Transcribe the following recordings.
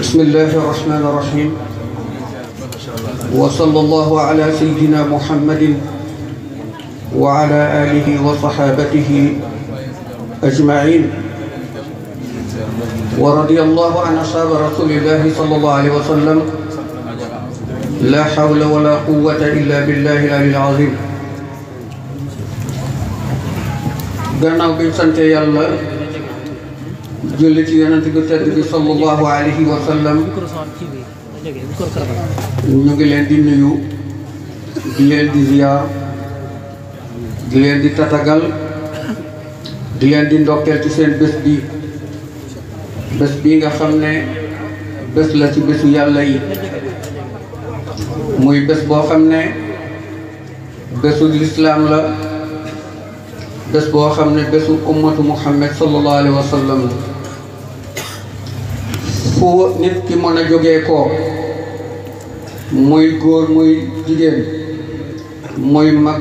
بسم الله الرحمن الرحيم وصلى الله على سيدنا محمد وعلى آله وصحابته أجمعين ورضي الله عن أصحاب رسول الله صلى الله عليه وسلم لا حول ولا قوة إلا بالله العلي العظيم gannaaw biñ sante julli ci yonent bi tedd bi sallallahu alayhi wa sallam ñu ngi leen di nuyu di leen di di leen di tatagal di leen di seen bés bi bés bi nga xam ne bés la ci bésu yàlla yi muy bés boo xam ne bésu lislaam la bés boo xam ne bésu ummatu muhammad sallallahu alayhi wa sallam fu nit ki mën a jógee ko muy góor muy jigéen muy mag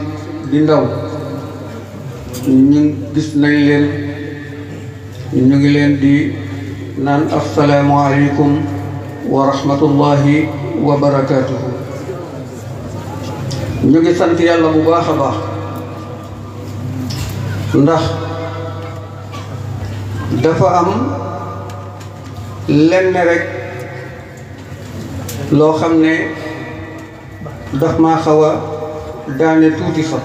di ndaw ñu gis nañ leen ñu ngi leen di naan wa rahmatullahi wa barakatuh, ñu ngi sant yàlla bu baax baax ndax dafa am lenn rek loo xam ne daf maa xaw a daane tuuti fa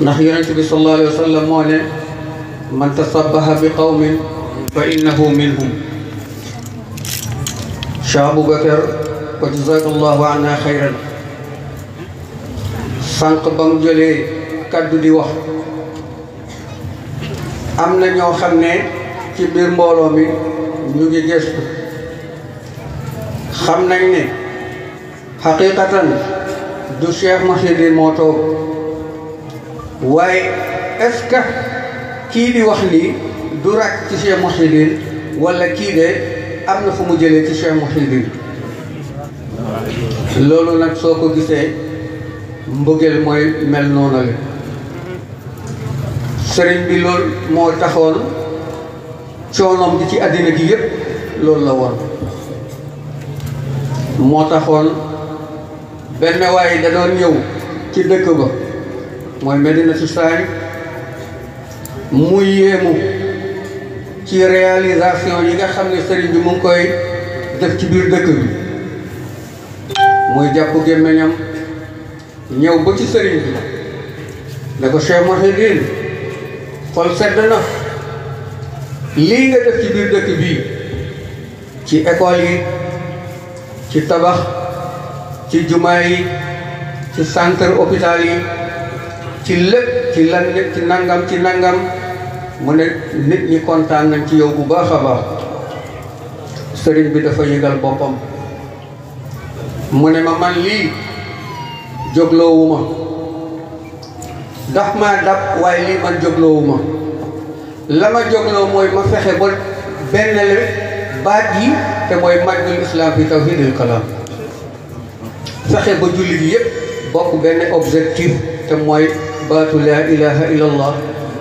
ndax yonent bi sallallahu alayhi wa sallam moo ne man tasabbaha bi qawmin fa innahu minhum Cheikh Abou Bakar wa jazakallahu anna xayran sànq ba mu jëlee kaddu di wax am na ñoo xam ne ci biir mbooloo mi ñu ngi gëstu xam nañ ni xaqiqatan du Cheikh Mouhidine moo toog waaye est kii di wax lii du rak ci Cheikh Mouhidine wala kii de am na fu mu jële ci Cheikh Mouhidine loolu nag soo ko gisee mbëggeel mooy mel noonu la sëriñ bi loolu moo taxoon coonoom gi ci àddina gi yépp loolu la woon moo taxoon benn waaye da doon ñëw ci dëkk ba mooy Medinatu Saay mu yéemu ci réalisation yi nga xam ne sëriñ bi mu koy def ci biir dëkk bi muy jàpp gémmiñam ñëw ba ci sëriñ bi ne ko Cheikh Mouhidine xol sedd na lii nga def ci biir dëkk bii ci école yi ci tabax ci jumaa yi ci centre hôpital yi ci lépp ci lan ci nangam ci nangam mu ne nit ñi kontaan ci yow bu baax a baax sëriñ bi dafa yëgal boppam mu ne ma man lii jógloowu ma daf maa dab waaye lii man jógloowu la ma jógloo mooy ma fexe ba benn le baat yi te mooy majjul islam fi tawhidil kalam fexe ba jullit yi yëpp bokk benn objectif te mooy baatu laa ilaha illallah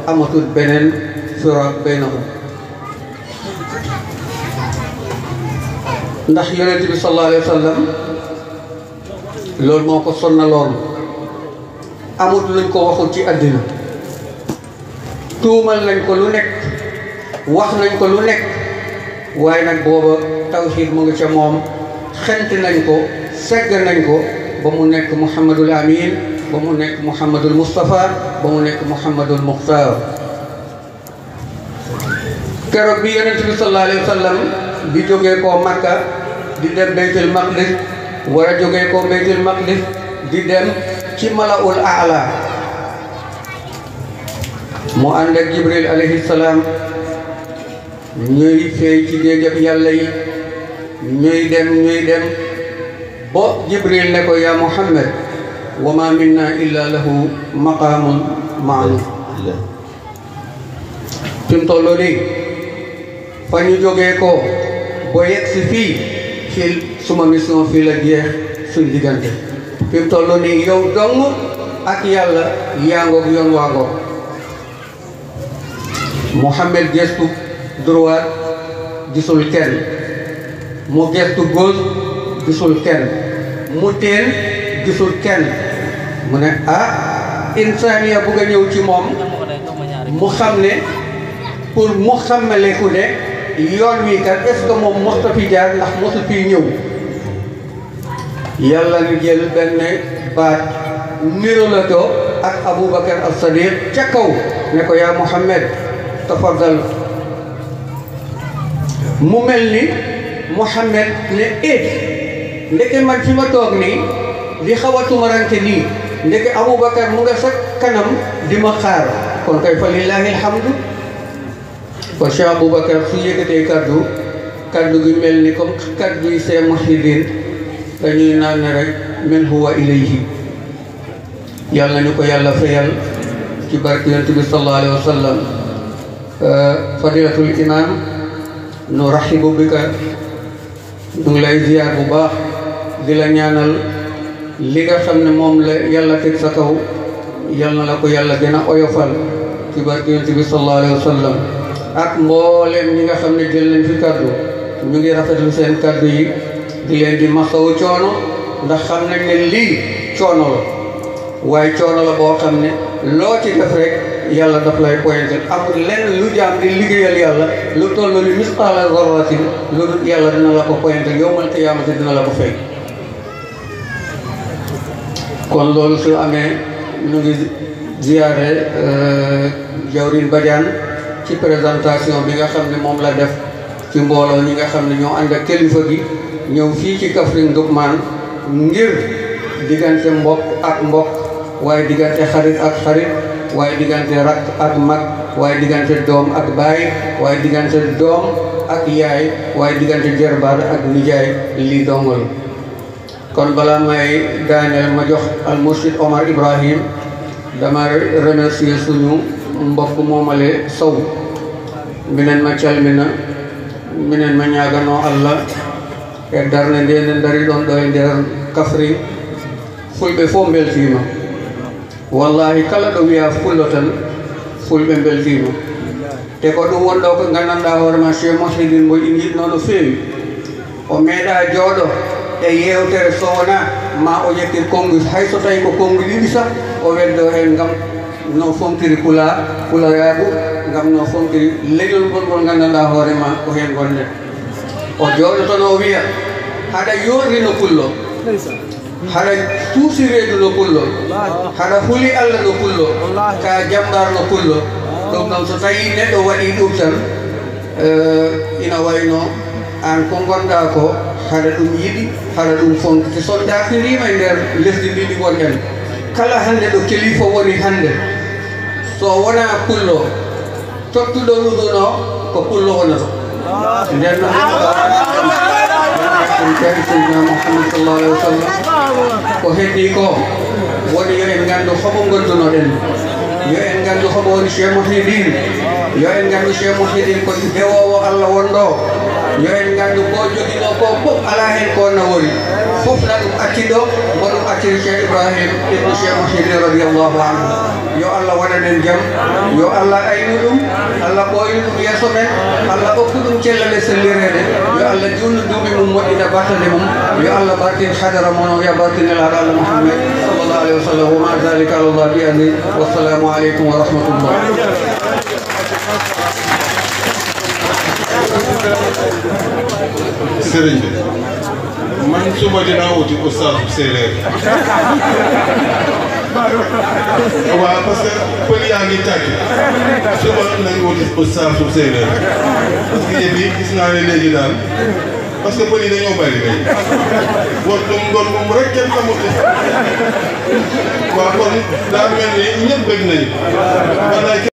amatul beneen sura baynahum ndax yonent bi sallallahu alayhi wa sallam loolu moo ko sonna loolu amut luñ ko waxul ci àddina tuumal nañ ko lu nekk wax nañ ko lu nekk waaye nag booba tawxiid mu ngi ca moom xent nañ ko segg nañ ko ba mu nekk Muhammadul Amin ba mu nekk Muhammadul Moustapha ba mu nekk Muhammadul Muxtaar keroog bi yonent bi sallallahu alayhi wa sallam di jógee koo Makka di dem Beytul Maqdis war a jógee koo Beytul Maqdis di dem ci Malaul Aala mu ànd ak jibril alayhi salaam ñuy feey ci géejëb yàlla yi ñuy dem ñuy dem bo jibril ne ko yaa muhammad wa ma minna illa lahu maqaamun maalum fi mu nii fa ñu jógee ko ba yegg si fii fii suma mission fii la jeex suñ diggante fi mu nii yow dong ak yàlla yaa ngoog yoon waa ngoog Mouhamed gestu droite gisul kenn mu gestu gauche gisul kenn mu teen gisul kenn mu ne ah insaaniya bugg a ñëw ci moom mu xam ne pour mu xamale ku ne yoon wi kat est-ce que moom mosta fi jaar ndax mosu fi ñëw yàlla ñu benn baat niru la ko ak Aboubacar as-Sadiq ca kaw ne ko yaa Mouhamed tafaddal mu mel ni Mouhamed ne éet ndeke man fi ma toog nii di xaw a nii ndeke Aboubacar mu nga sa kanam di ma xaar kon kay fa lillahi alhamdu kon Cheikh Aboubacar su yëkkatee kaddu kaddu gi mel ni comme kaddu yi see dañuy naan ne rek min huwa ilayhi yàlla ñu ko yàlla fayal ci barke yonent bi sallallahu alayhi wa Eh, fadilatul imam nu raxibu bi ka ñu ngi lay ziyaar bu baax di la ñaanal li nga xam ne moom la yàlla teg sa kaw yal na la ko yàlla gën a oyofal ci barke yonent bi sallallahu alayhi wa sallam ak mbooleem ñi nga xam ne jël nañ fi kàddu ñu ngi lu seen kàddu yi di leen di masawu coono ndax xam nañ ne lii coono la waaye coono la boo xam ne loo ci def rek yalla daf lay pointé amul lenn lu jaam di liggéeyal yàlla lu toll lu misqaala zarratin loolu yalla dina la ko pointé yowmal qiyaamati dina la ko fay kon loolu su amee ñu ngi ziyaare euh, Jawrin Badiane ci présentation bi nga xam ne moom la def ci mbooloo ñi nga xam ne ñoo ànd ak kilifa gi ñëw fii ci Kaffrine Ndouckmane ngir diggante mbokk ak mbokk waaye diggante xarit ak xarit way serak gan sa rat ak mat way di gan sa dom ak bay way di gan sa dom ak li dongol kon bala may ganel ma al mursid omar ibrahim dama remercier suñu mbokk momale saw minen ma chal minna minen ma allah ke dar na ndene ndari don doy ndar kafri fulbe fo mel wallahi kala ɗo wiya fullo tan fulɓe mbeldima te ko ɗum wonɗo ko gandanɗa hoorema che mohsidin mo in yiɗno no feewi o meeɗa jooɗo e yewtere sowona ma o yettir konngu hay so tawi ko konngu ɗiɗi sa o weddo hen gam no fomtiri kula kulayaago gam no fomtiri leñol gongol gandanɗa hoorema ko hen gonde o jooɗo tan o wiya haɗa yorri no pullo hana tuusireedu dulu kullo hana huli allah lo kullo ka jambar lo kullo ɗum noon so tawi neɗɗo waɗi ɗum tan ina wayno an ko gonɗa ko haɗa ɗum yiɗi haɗa ɗum fonkte so dakirima e nder lesdi ndi ɗi gonɗen kala hande ɗo kelifo woni hande so wona pullo tottuɗo ɗuɗun o ko pullo wonata nden noon sayyidina muhammad sallallah alih wa sallam ko heddi ko woni yo en nganndu homo gondunoɗen yo en nganndu homo woni cheikh mouhidine yo en nganndu cheikh mouhidine ko dewowo allah wonɗo yo en nganndu ko jogiɗo ko fof ala heen ko no woni fof na ɗum akkiɗo mbo ɗum akkiri ceeh ibrahim ibnu cheikh mohidi radiallahu anhu yo allah waɗanen jam yo allah ayni ɗum allah ɓooyni ɗum yeeso men allah ɓokku ɗum cellale sellireede yo allah juulno duuɓi mum moƴƴina bartande mum yo allah bartin hadara mon o ya bartinelaaɗo allah mouhammed salllah alayhi wa sallam woma dalika allallah bi andi wassalamu aleykum wa rahmatullah sérigne man suba dinaa wuti oustaz bu séeréer waaw parce que pël yaa ngi tàkk suba nañ wuti oustaz bu séeréer parce que yëpp yi gis naa ne léegi daal parce que pël yi dañoo bari léegi war dum doon moom rek kenn xamut